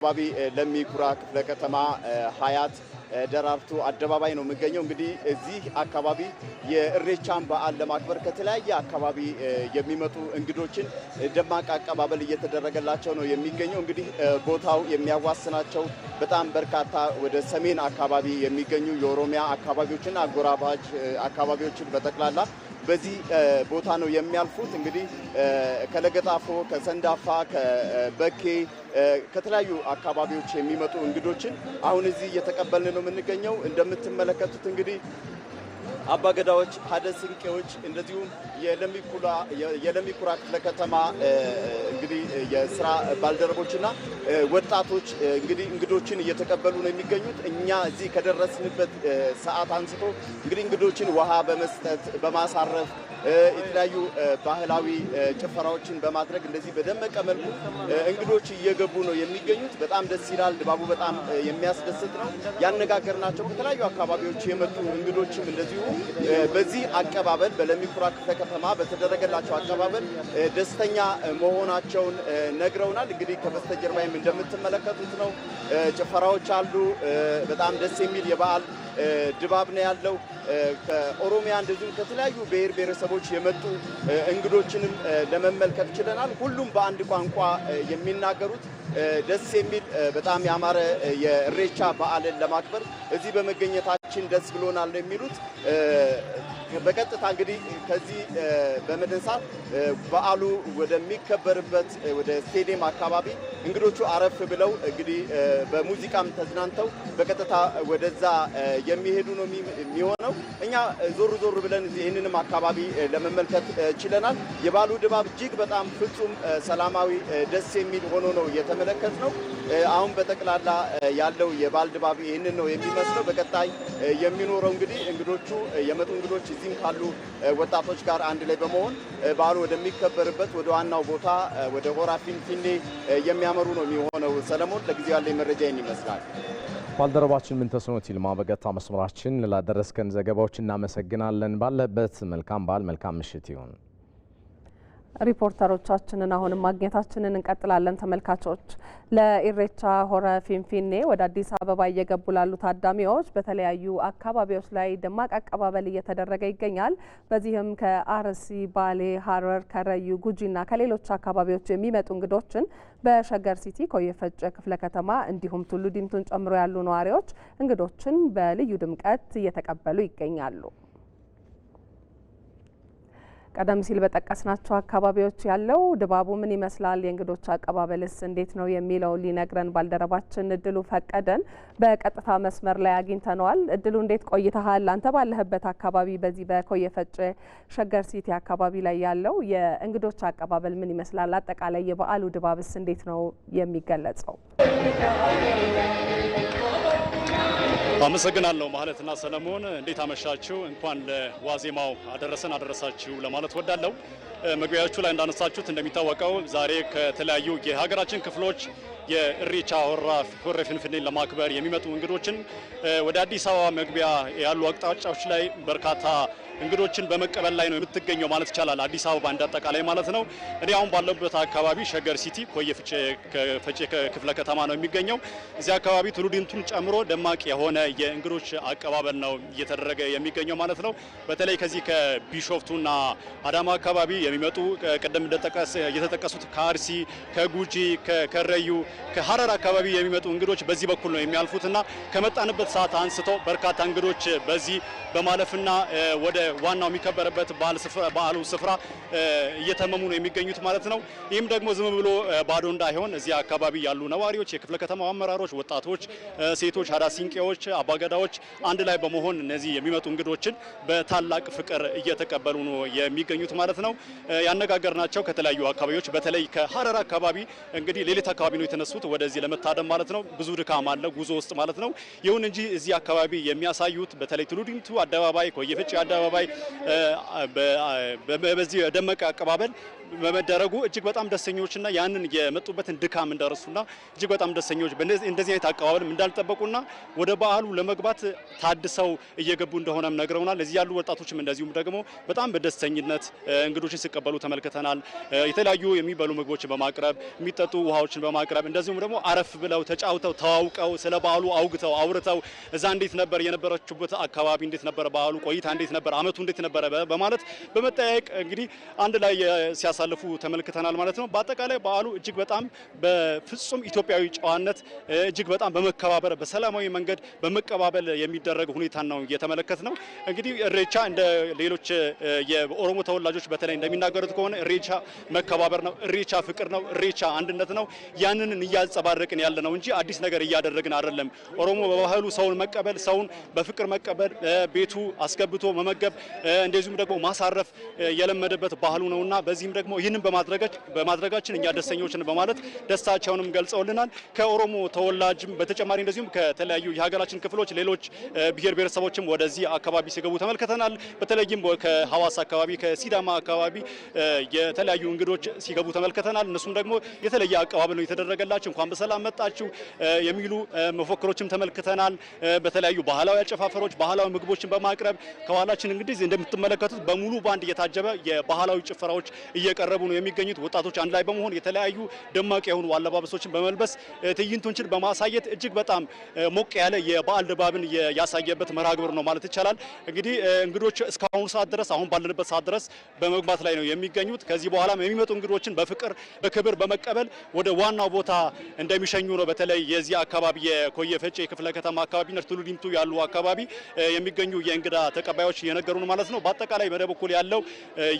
አካባቢ ለሚኩራ ክፍለ ከተማ ሀያት ደራርቱ አደባባይ ነው የሚገኘው። እንግዲህ እዚህ አካባቢ የእሬቻን በዓል ለማክበር ከተለያየ አካባቢ የሚመጡ እንግዶችን ደማቅ አቀባበል እየተደረገላቸው ነው የሚገኘው። እንግዲህ ቦታው የሚያዋስናቸው በጣም በርካታ ወደ ሰሜን አካባቢ የሚገኙ የኦሮሚያ አካባቢዎችና አጎራባች አካባቢዎችን በጠቅላላ በዚህ ቦታ ነው የሚያልፉት። እንግዲህ ከለገጣፎ፣ ከሰንዳፋ፣ ከበኬ ከተለያዩ አካባቢዎች የሚመጡ እንግዶችን አሁን እዚህ እየተቀበልን ነው የምንገኘው። እንደምትመለከቱት እንግዲህ አባገዳዎች፣ ሀደ ስንቄዎች እንደዚሁም የለሚኩራ ክፍለ ከተማ እንግዲህ የስራ ባልደረቦችና ወጣቶች እንግዲህ እንግዶችን እየተቀበሉ ነው የሚገኙት። እኛ እዚህ ከደረስንበት ሰዓት አንስቶ እንግዲህ እንግዶችን ውሃ በመስጠት በማሳረፍ የተለያዩ ባህላዊ ጭፈራዎችን በማድረግ እንደዚህ በደመቀ መልኩ እንግዶች እየገቡ ነው የሚገኙት። በጣም ደስ ይላል። ድባቡ በጣም የሚያስደስት ነው። ያነጋገርናቸው ከተለያዩ አካባቢዎች የመጡ እንግዶችም እንደዚሁ በዚህ አቀባበል በለሚኩራ ክፍለ ከተማ በተደረገላቸው አቀባበል ደስተኛ መሆናቸውን ነግረውናል። እንግዲህ ከበስተጀርባይም እንደምትመለከቱት ነው፣ ጭፈራዎች አሉ። በጣም ደስ የሚል የበዓል ድባብ ነው ያለው። ከኦሮሚያ እንደዚሁም ከተለያዩ ብሔር ብሔረሰቦች የመጡ እንግዶችንም ለመመልከት ችለናል። ሁሉም በአንድ ቋንቋ የሚናገሩት ደስ የሚል በጣም ያማረ የእሬቻ በዓልን ለማክበር እዚህ በመገኘታችን ደስ ብሎናል ነው የሚሉት። በቀጥታ እንግዲህ ከዚህ በመነሳት በዓሉ ወደሚከበርበት ወደ ስቴዲየም አካባቢ እንግዶቹ አረፍ ብለው እንግዲህ በሙዚቃም ተዝናንተው በቀጥታ ወደዛ የሚሄዱ ነው የሚሆነው። እኛ ዞር ዞር ብለን ይህንንም አካባቢ ለመመልከት ችለናል። የባሉ ድባብ እጅግ በጣም ፍጹም ሰላማዊ፣ ደስ የሚል ሆኖ ነው እየተመለከት ነው። አሁን በጠቅላላ ያለው የባል ድባብ ይህንን ነው የሚመስለው። በቀጣይ የሚኖረው እንግዲህ እንግዶቹ የመጡ እንግዶች እዚህም ካሉ ወጣቶች ጋር አንድ ላይ በመሆን በዓሉ ወደሚከበርበት ወደ ዋናው ቦታ ወደ ሆራ ፊንፊኔ የሚያ የሚያመሩ ነው የሚሆነው። ሰለሞን፣ ለጊዜው ያለኝ መረጃ ይህን ይመስላል። ባልደረባችን ተስኖት ይልማ በገታ መስመራችን ላደረስከን ዘገባዎች እናመሰግናለን። ባለበት መልካም በዓል፣ መልካም ምሽት ይሁን። ሪፖርተሮቻችንን አሁንም ማግኘታችንን እንቀጥላለን። ተመልካቾች ለኢሬቻ ሆረ ፊንፊኔ ወደ አዲስ አበባ እየገቡ ላሉ ታዳሚዎች በተለያዩ አካባቢዎች ላይ ደማቅ አቀባበል እየተደረገ ይገኛል። በዚህም ከአርሲ፣ ባሌ፣ ሀረር፣ ከረዩ፣ ጉጂና ከሌሎች አካባቢዎች የሚመጡ እንግዶችን በሸገር ሲቲ ኮዬ ክፍለ ከተማ እንዲሁም ቱሉ ዲምቱን ጨምሮ ያሉ ነዋሪዎች እንግዶችን በልዩ ድምቀት እየተቀበሉ ይገኛሉ። ቀደም ሲል በጠቀስናቸው አካባቢዎች ያለው ድባቡ ምን ይመስላል፣ የእንግዶች አቀባበልስ እንዴት ነው የሚለው ሊነግረን ባልደረባችን እድሉ ፈቀደን በቀጥታ መስመር ላይ አግኝተነዋል። እድሉ እንዴት ቆይተሃል? አንተ ባለህበት አካባቢ በዚህ በኮየ ሸገር ሲቲ አካባቢ ላይ ያለው የእንግዶች አቀባበል ምን ይመስላል? አጠቃላይ የበዓሉ ድባብስ እንዴት ነው የሚገለጸው? አመሰግናለሁ ማለትና ሰለሞን፣ እንዴት አመሻችሁ። እንኳን ለዋዜማው አደረሰን አደረሳችሁ ለማለት ወዳለሁ። መግቢያዎቹ ላይ እንዳነሳችሁት እንደሚታወቀው ዛሬ ከተለያዩ የሀገራችን ክፍሎች ሆራ ሆረ ፊንፊኔን ለማክበር የሚመጡ እንግዶችን ወደ አዲስ አበባ መግቢያ ያሉ አቅጣጫዎች ላይ በርካታ እንግዶችን በመቀበል ላይ ነው የምትገኘው ማለት ይቻላል። አዲስ አበባ እንዳጠቃላይ ማለት ነው። እኔ አሁን ባለበት አካባቢ ሸገር ሲቲ ኮየ ፈጬ ክፍለ ከተማ ነው የሚገኘው። እዚህ አካባቢ ቱሉዲምቱን ጨምሮ ደማቅ የሆነ የእንግዶች አቀባበል ነው እየተደረገ የሚገኘው ማለት ነው። በተለይ ከዚህ ከቢሾፍቱና አዳማ አካባቢ የሚመጡ ቀደም የተጠቀሱት ከአርሲ፣ ከጉጂ፣ ከከረዩ፣ ከሀረር አካባቢ የሚመጡ እንግዶች በዚህ በኩል ነው የሚያልፉትና ከመጣንበት ሰዓት አንስቶ በርካታ እንግዶች በዚህ በማለፍና ወደ ዋናው የሚከበረበት በዓሉ ስፍራ እየተመሙ ነው የሚገኙት ማለት ነው። ይህም ደግሞ ዝም ብሎ ባዶ እንዳይሆን እዚህ አካባቢ ያሉ ነዋሪዎች፣ የክፍለ ከተማው አመራሮች፣ ወጣቶች፣ ሴቶች፣ አዳሲንቄዎች አባገዳዎች አንድ ላይ በመሆን እነዚህ የሚመጡ እንግዶችን በታላቅ ፍቅር እየተቀበሉ ነው የሚገኙት ማለት ነው። ያነጋገርናቸው ከተለያዩ አካባቢዎች በተለይ ከሀረር አካባቢ እንግዲህ ሌሊት አካባቢ ነው የተነሱት ወደዚህ ለመታደም ማለት ነው። ብዙ ድካም አለ ጉዞ ውስጥ ማለት ነው። ይሁን እንጂ እዚህ አካባቢ የሚያሳዩት በተለይ ትሉዲንቱ አደባባይ፣ ኮየፍጭ አደባባይ በዚህ ደመቀ አቀባበል በመደረጉ እጅግ በጣም ደሰኞችና ያንን የመጡበትን ድካም እንደረሱና እጅግ በጣም ደሰኞች እንደዚህ አይነት አቀባበልም እንዳልጠበቁና ወደ በዓሉ ለመግባት ታድሰው እየገቡ እንደሆነም ነግረውናል። እዚህ ያሉ ወጣቶችም እንደዚሁም ደግሞ በጣም በደስተኝነት እንግዶችን ሲቀበሉ ተመልክተናል። የተለያዩ የሚበሉ ምግቦችን በማቅረብ የሚጠጡ ውሃዎችን በማቅረብ እንደዚሁም ደግሞ አረፍ ብለው ተጫውተው ተዋውቀው ስለ በዓሉ አውግተው አውርተው እዛ እንዴት ነበር የነበረችበት አካባቢ እንዴት ነበር በዓሉ ቆይታ እንዴት ነበር አመቱ እንዴት ነበረ በማለት በመጠያየቅ እንግዲህ አንድ ላይ ሲያሳልፉ ተመልክተናል ማለት ነው። በአጠቃላይ በዓሉ እጅግ በጣም በፍጹም ኢትዮጵያዊ ጨዋነት እጅግ በጣም በመከባበር በሰላማዊ መንገድ በመቀባበል የሚደረግ ሁኔታ ነው እየተመለከት ነው። እንግዲህ እሬቻ እንደ ሌሎች የኦሮሞ ተወላጆች በተለይ እንደሚ እንደሚናገሩት ከሆነ ኢሬቻ መከባበር ነው፣ ኢሬቻ ፍቅር ነው፣ ኢሬቻ አንድነት ነው። ያንንን እያንጸባረቅን ያለ ነው እንጂ አዲስ ነገር እያደረግን አይደለም። ኦሮሞ በባህሉ ሰውን መቀበል፣ ሰውን በፍቅር መቀበል፣ ቤቱ አስገብቶ መመገብ፣ እንደዚሁም ደግሞ ማሳረፍ የለመደበት ባህሉ ነውና በዚህም ደግሞ ይህንን በማድረጋችን እኛ ደስተኞችን በማለት ደስታቸውንም ገልጸውልናል። ከኦሮሞ ተወላጅም በተጨማሪ እንደዚሁም ከተለያዩ የሀገራችን ክፍሎች ሌሎች ብሔር ብሔረሰቦችም ወደዚህ አካባቢ ሲገቡ ተመልክተናል። በተለይም ከሀዋሳ አካባቢ ከሲዳማ አካባቢ የተለያዩ እንግዶች ሲገቡ ተመልክተናል። እነሱም ደግሞ የተለየ አቀባበል ነው የተደረገላቸው፣ እንኳን በሰላም መጣችሁ የሚሉ መፎክሮችም ተመልክተናል። በተለያዩ ባህላዊ አጨፋፈሮች፣ ባህላዊ ምግቦችን በማቅረብ ከኋላችን እንግዲህ እንደምትመለከቱት በሙሉ ባንድ እየታጀበ የባህላዊ ጭፈራዎች እየቀረቡ ነው የሚገኙት። ወጣቶች አንድ ላይ በመሆን የተለያዩ ደማቅ የሆኑ አለባበሶችን በመልበስ ትዕይንቶችን በማሳየት እጅግ በጣም ሞቅ ያለ የበዓል ድባብን ያሳየበት መርሃ ግብር ነው ማለት ይቻላል። እንግዲህ እንግዶች እስካሁኑ ሰዓት ድረስ አሁን ባለንበት ሰዓት ድረስ በመግባት ላይ ነው ነው የሚገኙት። ከዚህ በኋላም የሚመጡ እንግዶችን በፍቅር በክብር በመቀበል ወደ ዋናው ቦታ እንደሚሸኙ ነው። በተለይ የዚህ አካባቢ የኮየ ፈጬ የክፍለ ከተማ አካባቢና ቱሉ ዲምቱ ያሉ አካባቢ የሚገኙ የእንግዳ ተቀባዮች እየነገሩን ማለት ነው። በአጠቃላይ በደቡብ በኩል ያለው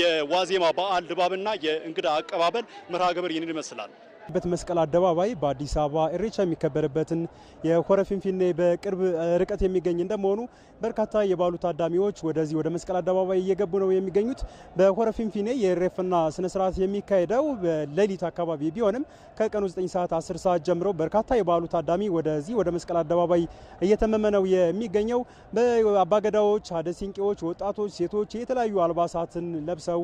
የዋዜማ በዓል ድባብና የእንግዳ አቀባበል መርሃ ግብር ይህንን ይመስላል። በት መስቀል አደባባይ በአዲስ አበባ ኢሬቻ የሚከበርበትን የሆረ ፊንፊኔ በቅርብ ርቀት የሚገኝ እንደመሆኑ በርካታ የባሉ ታዳሚዎች ወደዚህ ወደ መስቀል አደባባይ እየገቡ ነው የሚገኙት። በሆረ ፊንፊኔ የሬፍና ስነ ስርዓት የሚካሄደው በሌሊት አካባቢ ቢሆንም ከቀኑ 9 ሰዓት 10 ሰዓት ጀምሮ በርካታ የባሉ ታዳሚ ወደዚህ ወደ መስቀል አደባባይ እየተመመ ነው የሚገኘው። በአባገዳዎች፣ አደሲንቄዎች፣ ወጣቶች፣ ሴቶች የተለያዩ አልባሳትን ለብሰው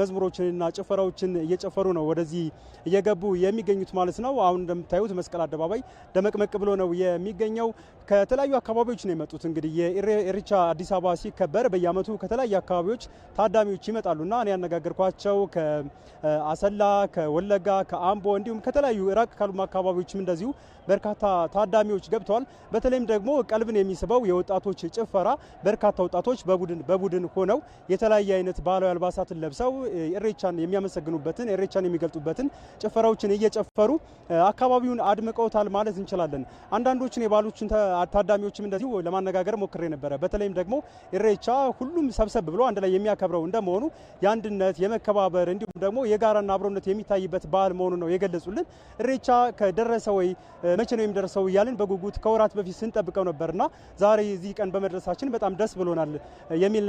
መዝሙሮችንና ጭፈራዎችን እየጨፈሩ ነው ወደዚህ እየገቡ የሚገኙት ማለት ነው። አሁን እንደምታዩት መስቀል አደባባይ ደመቅመቅ ብሎ ነው የሚገኘው። ከተለያዩ አካባቢዎች ነው የመጡት። እንግዲህ የኢሬቻ አዲስ አበባ ሲከበር በየአመቱ ከተለያዩ አካባቢዎች ታዳሚዎች ይመጣሉና እኔ ያነጋገርኳቸው ከአሰላ፣ ከወለጋ፣ ከአምቦ እንዲሁም ከተለያዩ ራቅ ካሉ አካባቢዎችም እንደዚሁ በርካታ ታዳሚዎች ገብተዋል። በተለይም ደግሞ ቀልብን የሚስበው የወጣቶች ጭፈራ፣ በርካታ ወጣቶች በቡድን በቡድን ሆነው የተለያየ አይነት ባህላዊ አልባሳትን ለብሰው ኢሬቻን የሚያመሰግኑበትን ኢሬቻን የሚገልጡበትን ጭፈራዎችን እየጨፈሩ አካባቢውን አድምቀውታል ማለት እንችላለን። አንዳንዶችን የባሎችን ታዳሚዎችም እንደዚሁ ለማነጋገር ሞክሬ ነበረ። በተለይም ደግሞ ኢሬቻ ሁሉም ሰብሰብ ብሎ አንድ ላይ የሚያከብረው እንደመሆኑ የአንድነት የመከባበር እንዲሁም ደግሞ የጋራና አብሮነት የሚታይበት በዓል መሆኑ ነው የገለጹልን። ኢሬቻ ከደረሰ ወይ መቼ ነው የሚደርሰው እያልን በጉጉት ከወራት በፊት ስንጠብቀው ነበርና ዛሬ እዚህ ቀን በመድረሳችን በጣም ደስ ብሎናል የሚል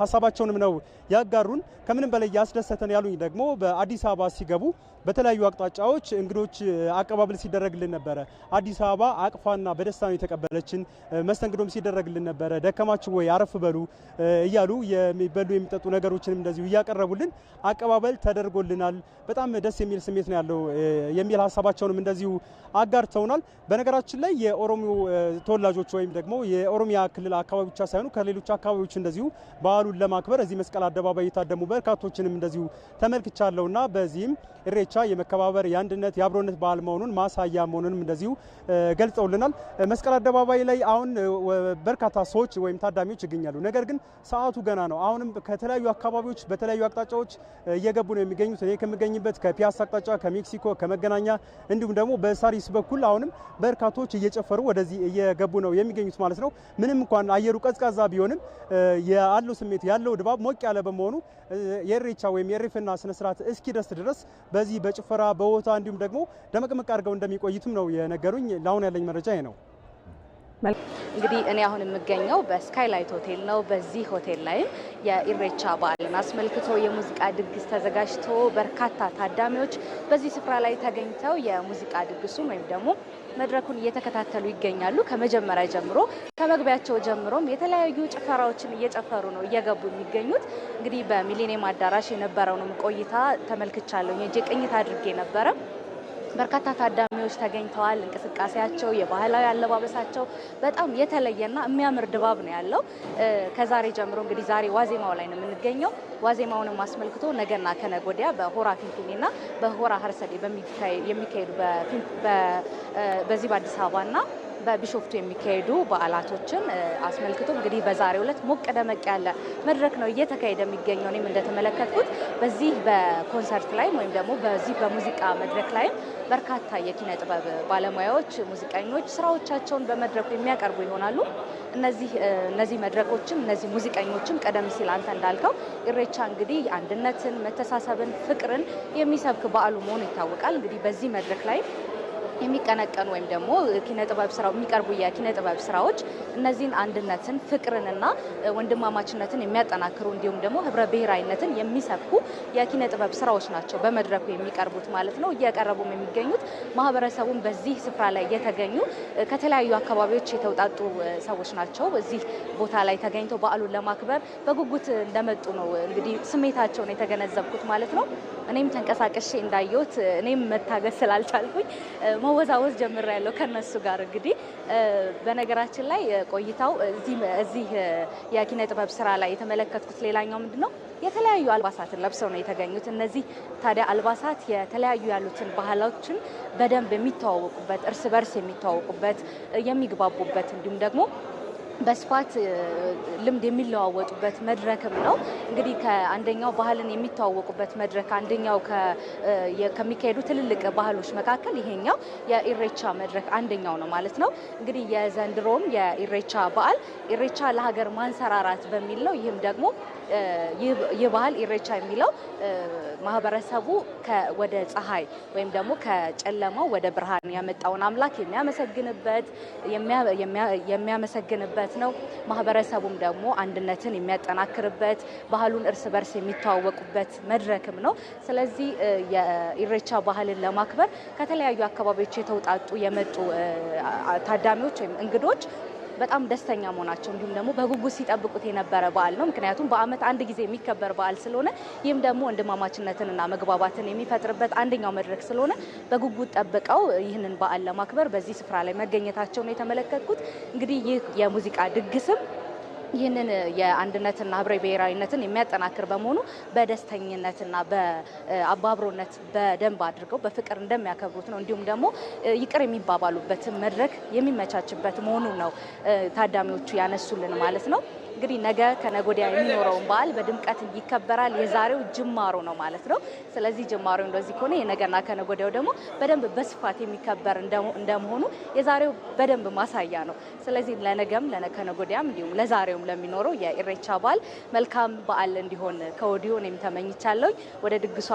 ሀሳባቸውንም ነው ያጋሩን። ከምንም በላይ ያስደሰተን ያሉኝ ደግሞ በአዲስ አበባ ሲገቡ በተለያዩ አቅጣጫዎች እንግዶች አቀባበል ሲደረግልን ነበረ። አዲስ አበባ አቅፋና በደስታ ነው የተቀበለችን፣ መስተንግዶም ሲደረግልን ነበረ። ደከማችሁ ወይ አረፍ በሉ እያሉ የሚበሉ የሚጠጡ ነገሮችንም እንደዚሁ እያቀረቡልን አቀባበል ተደርጎልናል። በጣም ደስ የሚል ስሜት ነው ያለው የሚል ሀሳባቸውንም እንደዚሁ አጋርተውናል። በነገራችን ላይ የኦሮሞ ተወላጆች ወይም ደግሞ የኦሮሚያ ክልል አካባቢ ብቻ ሳይሆኑ ከሌሎች አካባቢዎች እንደዚሁ በዓሉን ለማክበር እዚህ መስቀል አደባባይ የታደሙ በርካቶችንም እንደዚሁ ተመልክቻለሁና በዚህም እሬቻ የመከባበር የአንድነት፣ የአብሮነት በዓል መሆኑን ማሳያ መሆኑንም እንደዚሁ ገልጸውልናል። መስቀል አደባባይ ላይ አሁን በርካታ ሰዎች ወይም ታዳሚዎች ይገኛሉ። ነገር ግን ሰዓቱ ገና ነው። አሁንም ከተለያዩ አካባቢዎች በተለያዩ አቅጣጫዎች እየገቡ ነው የሚገኙት። እኔ ከምገኝበት ከፒያሳ አቅጣጫ፣ ከሜክሲኮ፣ ከመገናኛ እንዲሁም ደግሞ በሳሪስ በኩል አሁንም በርካቶች እየጨፈሩ ወደዚህ እየገቡ ነው የሚገኙት ማለት ነው። ምንም እንኳን አየሩ ቀዝቃዛ ቢሆንም ያለው ስሜት ያለው ድባብ ሞቅ ያለ በመሆኑ የኢሬቻ ወይም የኢሬቻና ስነስርዓት እስኪደርስ ድረስ በዚህ በጭፈራ በቦታ እንዲሁም ደግሞ ደመቅመቅ አድርገው እንደሚቆይቱም ነው የነገሩኝ። ለአሁን ያለኝ መረጃ ይሄ ነው። እንግዲህ እኔ አሁን የምገኘው በስካይላይት ሆቴል ነው። በዚህ ሆቴል ላይም የኢሬቻ በዓልን አስመልክቶ የሙዚቃ ድግስ ተዘጋጅቶ በርካታ ታዳሚዎች በዚህ ስፍራ ላይ ተገኝተው የሙዚቃ ድግሱን ወይም ደግሞ መድረኩን እየተከታተሉ ይገኛሉ። ከመጀመሪያ ጀምሮ ከመግቢያቸው ጀምሮም የተለያዩ ጭፈራዎችን እየጨፈሩ ነው እየገቡ የሚገኙት። እንግዲህ በሚሊኒየም አዳራሽ የነበረውንም ቆይታ ተመልክቻለሁ። የእጅ ቅኝት አድርጌ ነበረ። በርካታ ታዳሚዎች ተገኝተዋል። እንቅስቃሴያቸው፣ የባህላዊ አለባበሳቸው በጣም የተለየና የሚያምር ድባብ ነው ያለው። ከዛሬ ጀምሮ እንግዲህ ዛሬ ዋዜማው ላይ ነው የምንገኘው። ዋዜማውንም አስመልክቶ ነገና ከነጎዲያ ወዲያ በሆራ ፊንፊኔና በሆራ ሀርሰዴ የሚካሄዱ በዚህ በአዲስ አበባና በቢሾፍቱ የሚካሄዱ በዓላቶችን አስመልክቶ እንግዲህ በዛሬው ዕለት ሞቅ ደመቅ ያለ መድረክ ነው እየተካሄደ የሚገኘው። እኔም እንደተመለከትኩት በዚህ በኮንሰርት ላይም ወይም ደግሞ በዚህ በሙዚቃ መድረክ ላይም በርካታ የኪነ ጥበብ ባለሙያዎች፣ ሙዚቀኞች ስራዎቻቸውን በመድረኩ የሚያቀርቡ ይሆናሉ። እነዚህ እነዚህ መድረኮችም እነዚህ ሙዚቀኞችም ቀደም ሲል አንተ እንዳልከው ኢሬቻ እንግዲህ አንድነትን፣ መተሳሰብን፣ ፍቅርን የሚሰብክ በዓሉ መሆኑ ይታወቃል። እንግዲህ በዚህ መድረክ ላይ የሚቀነቀኑ ወይም ደግሞ ጥበብ ስራ የሚቀርቡ ጥበብ ስራዎች እነዚህን አንድነትን፣ ፍቅርንና ወንድማማችነትን የሚያጠናክሩ እንዲሁም ደግሞ ህብረ ብሔራዊነትን የሚሰብኩ ጥበብ ስራዎች ናቸው በመድረኩ የሚቀርቡት ማለት ነው። እየቀረቡም የሚገኙት ማህበረሰቡን በዚህ ስፍራ ላይ የተገኙ ከተለያዩ አካባቢዎች የተውጣጡ ሰዎች ናቸው። እዚህ ቦታ ላይ ተገኝተው በዓሉን ለማክበር በጉጉት እንደመጡ ነው እንግዲህ ስሜታቸውን የተገነዘብኩት ማለት ነው። እኔም ተንቀሳቀሼ እንዳየሁት እኔም መታገስ ስላልቻልኩኝ መወዛወዝ ጀምራ ያለው ከነሱ ጋር እንግዲህ በነገራችን ላይ ቆይታው እዚህ የኪነ ጥበብ ስራ ላይ የተመለከትኩት ሌላኛው ምንድን ነው የተለያዩ አልባሳትን ለብሰው ነው የተገኙት። እነዚህ ታዲያ አልባሳት የተለያዩ ያሉትን ባህሎችን በደንብ የሚተዋወቁበት፣ እርስ በርስ የሚተዋወቁበት፣ የሚግባቡበት እንዲሁም ደግሞ በስፋት ልምድ የሚለዋወጡበት መድረክም ነው። እንግዲህ ከአንደኛው ባህልን የሚተዋወቁበት መድረክ አንደኛው ከሚካሄዱ ትልልቅ ባህሎች መካከል ይሄኛው የኢሬቻ መድረክ አንደኛው ነው ማለት ነው። እንግዲህ የዘንድሮም የኢሬቻ በዓል ኢሬቻ ለሀገር ማንሰራራት በሚል ነው። ይህም ደግሞ ይህ ባህል ኢሬቻ የሚለው ማህበረሰቡ ወደ ፀሐይ ወይም ደግሞ ከጨለማው ወደ ብርሃን ያመጣውን አምላክ የሚያመሰግንበት የሚያመሰግንበት ማለት ነው። ማህበረሰቡም ደግሞ አንድነትን የሚያጠናክርበት ባህሉን እርስ በርስ የሚተዋወቁበት መድረክም ነው። ስለዚህ የኢሬቻ ባህልን ለማክበር ከተለያዩ አካባቢዎች የተውጣጡ የመጡ ታዳሚዎች ወይም እንግዶች በጣም ደስተኛ መሆናቸው እንዲሁም ደግሞ በጉጉት ሲጠብቁት የነበረ በዓል ነው። ምክንያቱም በዓመት አንድ ጊዜ የሚከበር በዓል ስለሆነ ይህም ደግሞ ወንድማማችነትንና መግባባትን የሚፈጥርበት አንደኛው መድረክ ስለሆነ በጉጉት ጠብቀው ይህንን በዓል ለማክበር በዚህ ስፍራ ላይ መገኘታቸው ነው የተመለከትኩት። እንግዲህ ይህ የሙዚቃ ድግስም ይህንን የአንድነትና ህብረ ብሔራዊነትን የሚያጠናክር በመሆኑ በደስተኝነትና በአባብሮነት በደንብ አድርገው በፍቅር እንደሚያከብሩት ነው። እንዲሁም ደግሞ ይቅር የሚባባሉበትን መድረክ የሚመቻችበት መሆኑን ነው ታዳሚዎቹ ያነሱልን ማለት ነው። እንግዲህ ነገ ከነጎዲያ የሚኖረውን በዓል በድምቀት ይከበራል። የዛሬው ጅማሮ ነው ማለት ነው። ስለዚህ ጅማሮ እንደዚህ ከሆነ የነገና ከነጎዲያው ደግሞ በደንብ በስፋት የሚከበር እንደመሆኑ የዛሬው በደንብ ማሳያ ነው። ስለዚህ ለነገም ለነከነጎዲያም እንዲሁም ለዛሬውም ለሚኖረው የኢሬቻ በዓል መልካም በዓል እንዲሆን ከወዲሁ እኔም ተመኝቻለሁ። ወደ ድግሷ